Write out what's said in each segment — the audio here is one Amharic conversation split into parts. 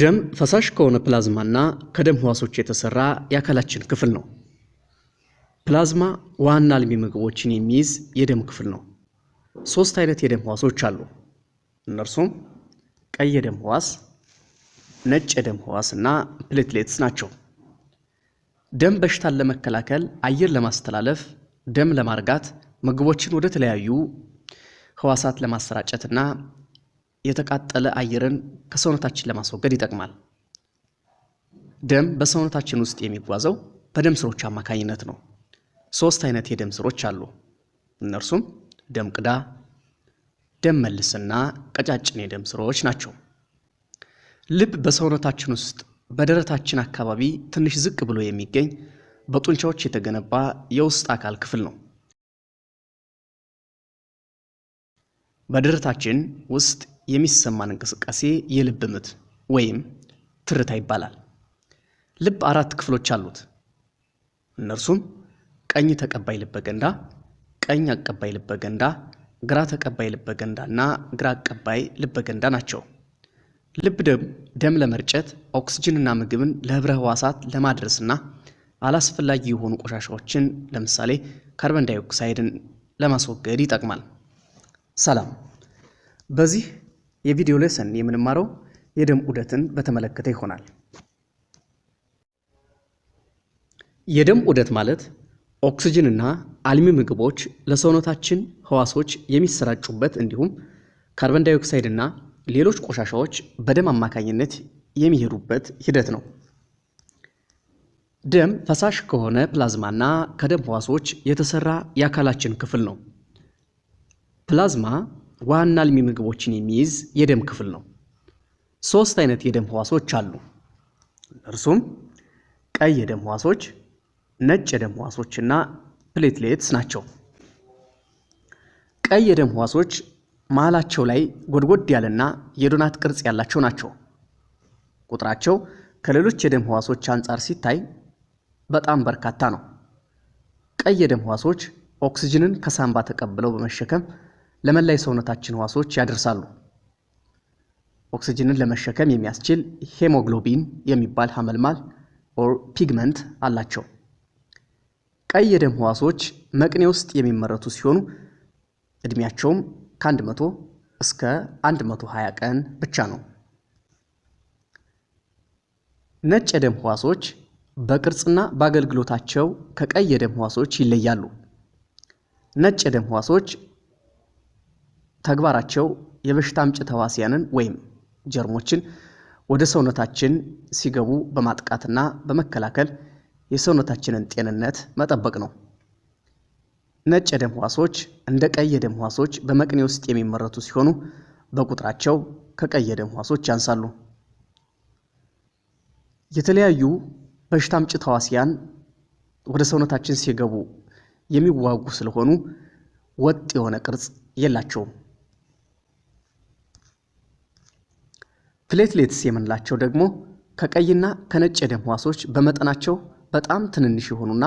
ደም ፈሳሽ ከሆነ ፕላዝማና ከደም ህዋሶች የተሰራ የአካላችን ክፍል ነው። ፕላዝማ ዋና አልሚ ምግቦችን የሚይዝ የደም ክፍል ነው። ሶስት አይነት የደም ህዋሶች አሉ። እነርሱም ቀይ የደም ህዋስ፣ ነጭ የደም ህዋስ እና ፕሌትሌትስ ናቸው። ደም በሽታን ለመከላከል፣ አየር ለማስተላለፍ፣ ደም ለማርጋት፣ ምግቦችን ወደ ተለያዩ ህዋሳት ለማሰራጨት እና የተቃጠለ አየርን ከሰውነታችን ለማስወገድ ይጠቅማል። ደም በሰውነታችን ውስጥ የሚጓዘው በደም ስሮች አማካኝነት ነው። ሶስት አይነት የደም ስሮች አሉ። እነርሱም ደም ቅዳ፣ ደም መልስና ቀጫጭን የደም ስሮች ናቸው። ልብ በሰውነታችን ውስጥ በደረታችን አካባቢ ትንሽ ዝቅ ብሎ የሚገኝ በጡንቻዎች የተገነባ የውስጥ አካል ክፍል ነው። በደረታችን ውስጥ የሚሰማን እንቅስቃሴ የልብ ምት ወይም ትርታ ይባላል። ልብ አራት ክፍሎች አሉት። እነርሱም ቀኝ ተቀባይ ልበ ገንዳ፣ ቀኝ አቀባይ ልበ ገንዳ፣ ግራ ተቀባይ ልበ ገንዳ እና ግራ አቀባይ ልበ ገንዳ ናቸው። ልብ ደም ደም ለመርጨት ኦክስጅንና ምግብን ለህብረ ህዋሳት ለማድረስና አላስፈላጊ የሆኑ ቆሻሻዎችን ለምሳሌ ካርበን ዳይኦክሳይድን ለማስወገድ ይጠቅማል። ሰላም። በዚህ የቪዲዮ ሌሰን የምንማረው የደም ዑደትን በተመለከተ ይሆናል። የደም ዑደት ማለት ኦክስጅንና አልሚ ምግቦች ለሰውነታችን ህዋሶች የሚሰራጩበት እንዲሁም ካርበን ዳይኦክሳይድና ሌሎች ቆሻሻዎች በደም አማካኝነት የሚሄዱበት ሂደት ነው። ደም ፈሳሽ ከሆነ ፕላዝማና ከደም ህዋሶች የተሰራ የአካላችን ክፍል ነው። ፕላዝማ ዋና አልሚ ምግቦችን የሚይዝ የደም ክፍል ነው። ሶስት አይነት የደም ህዋሶች አሉ። እርሱም ቀይ የደም ህዋሶች፣ ነጭ የደም ህዋሶች እና ፕሌትሌትስ ናቸው። ቀይ የደም ህዋሶች መሃላቸው ላይ ጎድጎድ ያለና የዶናት ቅርጽ ያላቸው ናቸው። ቁጥራቸው ከሌሎች የደም ህዋሶች አንጻር ሲታይ በጣም በርካታ ነው። ቀይ የደም ህዋሶች ኦክስጅንን ከሳምባ ተቀብለው በመሸከም ለመላይ ሰውነታችን ህዋሶች ያደርሳሉ። ኦክስጅንን ለመሸከም የሚያስችል ሄሞግሎቢን የሚባል ሀመልማል ኦር ፒግመንት አላቸው። ቀይ የደም ህዋሶች መቅኔ ውስጥ የሚመረቱ ሲሆኑ እድሜያቸውም ከ100 እስከ 120 ቀን ብቻ ነው። ነጭ የደም ህዋሶች በቅርጽና በአገልግሎታቸው ከቀይ የደም ህዋሶች ይለያሉ። ነጭ የደም ህዋሶች ተግባራቸው የበሽታ አምጪ ተህዋሲያንን ወይም ጀርሞችን ወደ ሰውነታችን ሲገቡ በማጥቃትና በመከላከል የሰውነታችንን ጤንነት መጠበቅ ነው። ነጭ የደም ህዋሶች እንደ ቀይ የደም ህዋሶች በመቅኔ ውስጥ የሚመረቱ ሲሆኑ በቁጥራቸው ከቀይ የደም ህዋሶች ያንሳሉ። የተለያዩ በሽታ አምጪ ተህዋሲያን ወደ ሰውነታችን ሲገቡ የሚዋጉ ስለሆኑ ወጥ የሆነ ቅርጽ የላቸውም። ፕሌትሌትስ የምንላቸው ደግሞ ከቀይና ከነጭ የደም ህዋሶች በመጠናቸው በጣም ትንንሽ የሆኑና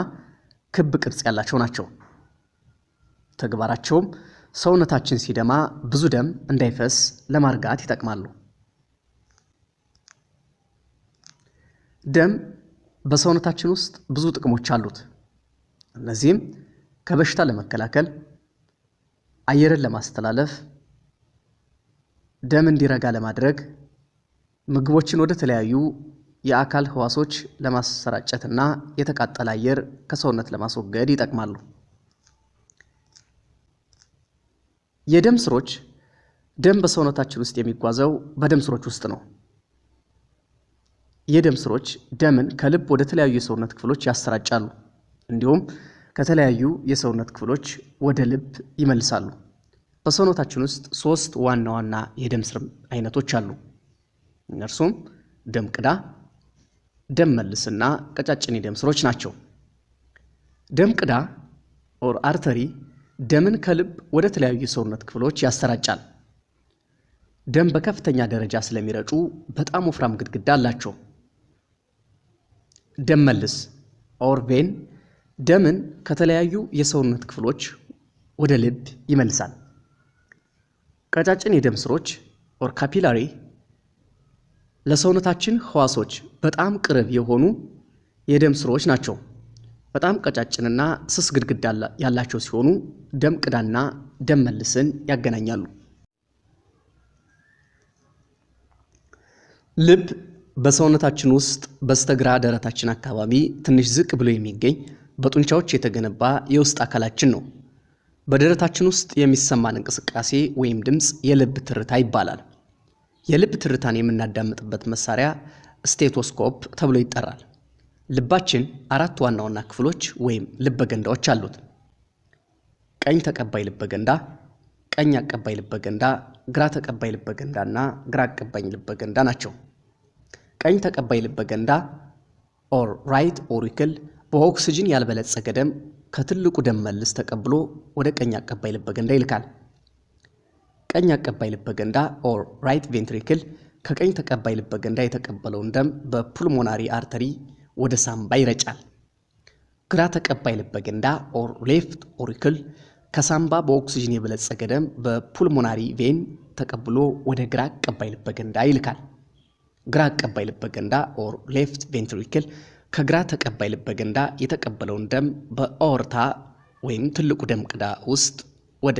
ክብ ቅርጽ ያላቸው ናቸው። ተግባራቸውም ሰውነታችን ሲደማ ብዙ ደም እንዳይፈስ ለማርጋት ይጠቅማሉ። ደም በሰውነታችን ውስጥ ብዙ ጥቅሞች አሉት። እነዚህም ከበሽታ ለመከላከል፣ አየርን ለማስተላለፍ፣ ደም እንዲረጋ ለማድረግ ምግቦችን ወደ ተለያዩ የአካል ህዋሶች ለማሰራጨትና የተቃጠለ አየር ከሰውነት ለማስወገድ ይጠቅማሉ። የደም ስሮች ደም በሰውነታችን ውስጥ የሚጓዘው በደም ስሮች ውስጥ ነው። የደም ስሮች ደምን ከልብ ወደ ተለያዩ የሰውነት ክፍሎች ያሰራጫሉ። እንዲሁም ከተለያዩ የሰውነት ክፍሎች ወደ ልብ ይመልሳሉ። በሰውነታችን ውስጥ ሶስት ዋና ዋና የደም ስር አይነቶች አሉ። እነርሱም ደም ቅዳ፣ ደም መልስና ቀጫጭን የደም ስሮች ናቸው። ደም ቅዳ ኦር አርተሪ ደምን ከልብ ወደ ተለያዩ የሰውነት ክፍሎች ያሰራጫል። ደም በከፍተኛ ደረጃ ስለሚረጩ በጣም ወፍራም ግድግዳ አላቸው። ደም መልስ ኦር ቬን ደምን ከተለያዩ የሰውነት ክፍሎች ወደ ልብ ይመልሳል። ቀጫጭን የደም ስሮች ኦር ካፒላሪ ለሰውነታችን ህዋሶች በጣም ቅርብ የሆኑ የደም ስሮች ናቸው። በጣም ቀጫጭንና ስስ ግድግዳ ያላቸው ሲሆኑ ደም ቅዳና ደም መልስን ያገናኛሉ። ልብ በሰውነታችን ውስጥ በስተግራ ደረታችን አካባቢ ትንሽ ዝቅ ብሎ የሚገኝ በጡንቻዎች የተገነባ የውስጥ አካላችን ነው። በደረታችን ውስጥ የሚሰማን እንቅስቃሴ ወይም ድምፅ የልብ ትርታ ይባላል። የልብ ትርታን የምናዳምጥበት መሳሪያ ስቴቶስኮፕ ተብሎ ይጠራል። ልባችን አራት ዋና ዋና ክፍሎች ወይም ልበገንዳዎች አሉት። ቀኝ ተቀባይ ልበገንዳ፣ ቀኝ አቀባይ ልበገንዳ፣ ግራ ተቀባይ ልበገንዳ እና ግራ አቀባኝ ልበገንዳ ናቸው። ቀኝ ተቀባይ ልበገንዳ ኦር ራይት ኦሪክል በኦክስጅን ያልበለጸገ ደም ከትልቁ ደም መልስ ተቀብሎ ወደ ቀኝ አቀባይ ልበገንዳ ይልካል። ቀኝ አቀባይ ልበገንዳ ኦር ራይት ቬንትሪክል ከቀኝ ተቀባይ ልበገንዳ የተቀበለውን ደም በፑልሞናሪ አርተሪ ወደ ሳምባ ይረጫል። ግራ ተቀባይ ልበገንዳ ኦር ሌፍት ኦሪክል ከሳምባ በኦክሲጅን የበለጸገ ደም በፑልሞናሪ ቬን ተቀብሎ ወደ ግራ አቀባይ ልበገንዳ ይልካል። ግራ አቀባይ ልበገንዳ ኦር ሌፍት ቬንትሪክል ከግራ ተቀባይ ልበገንዳ የተቀበለውን ደም በኦርታ ወይም ትልቁ ደም ቅዳ ውስጥ ወደ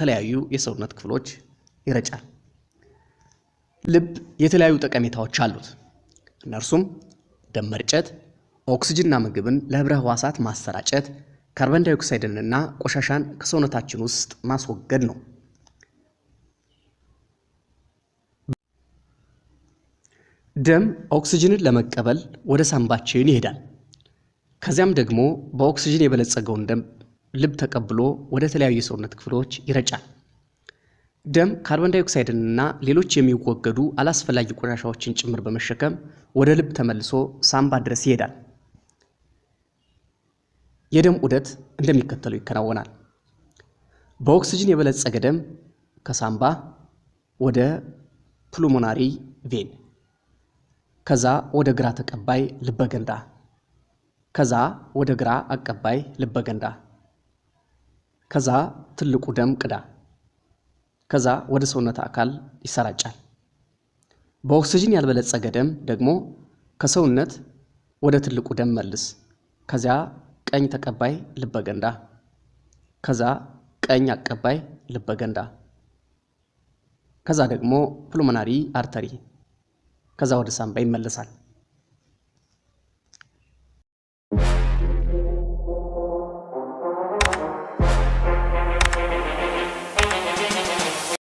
ተለያዩ የሰውነት ክፍሎች ይረጫል። ልብ የተለያዩ ጠቀሜታዎች አሉት። እነርሱም ደም መርጨት፣ ኦክስጅንና ምግብን ለህብረ ህዋሳት ማሰራጨት፣ ካርበን ዳይኦክሳይድንና ቆሻሻን ከሰውነታችን ውስጥ ማስወገድ ነው። ደም ኦክስጅንን ለመቀበል ወደ ሳንባችን ይሄዳል። ከዚያም ደግሞ በኦክስጅን የበለጸገውን ደም ልብ ተቀብሎ ወደ ተለያዩ የሰውነት ክፍሎች ይረጫል። ደም ካርቦን ዳይኦክሳይድንና ሌሎች የሚወገዱ አላስፈላጊ ቆሻሻዎችን ጭምር በመሸከም ወደ ልብ ተመልሶ ሳምባ ድረስ ይሄዳል። የደም ዑደት እንደሚከተለው ይከናወናል። በኦክስጅን የበለጸገ ደም ከሳምባ ወደ ፕሉሞናሪ ቬን፣ ከዛ ወደ ግራ ተቀባይ ልበገንዳ፣ ከዛ ወደ ግራ አቀባይ ልበገንዳ ከዛ ትልቁ ደም ቅዳ ከዛ ወደ ሰውነት አካል ይሰራጫል። በኦክስጅን ያልበለጸገ ደም ደግሞ ከሰውነት ወደ ትልቁ ደም መልስ፣ ከዚያ ቀኝ ተቀባይ ልበገንዳ፣ ከዛ ቀኝ አቀባይ ልበገንዳ፣ ከዛ ደግሞ ፕሉመናሪ አርተሪ፣ ከዛ ወደ ሳምባ ይመለሳል።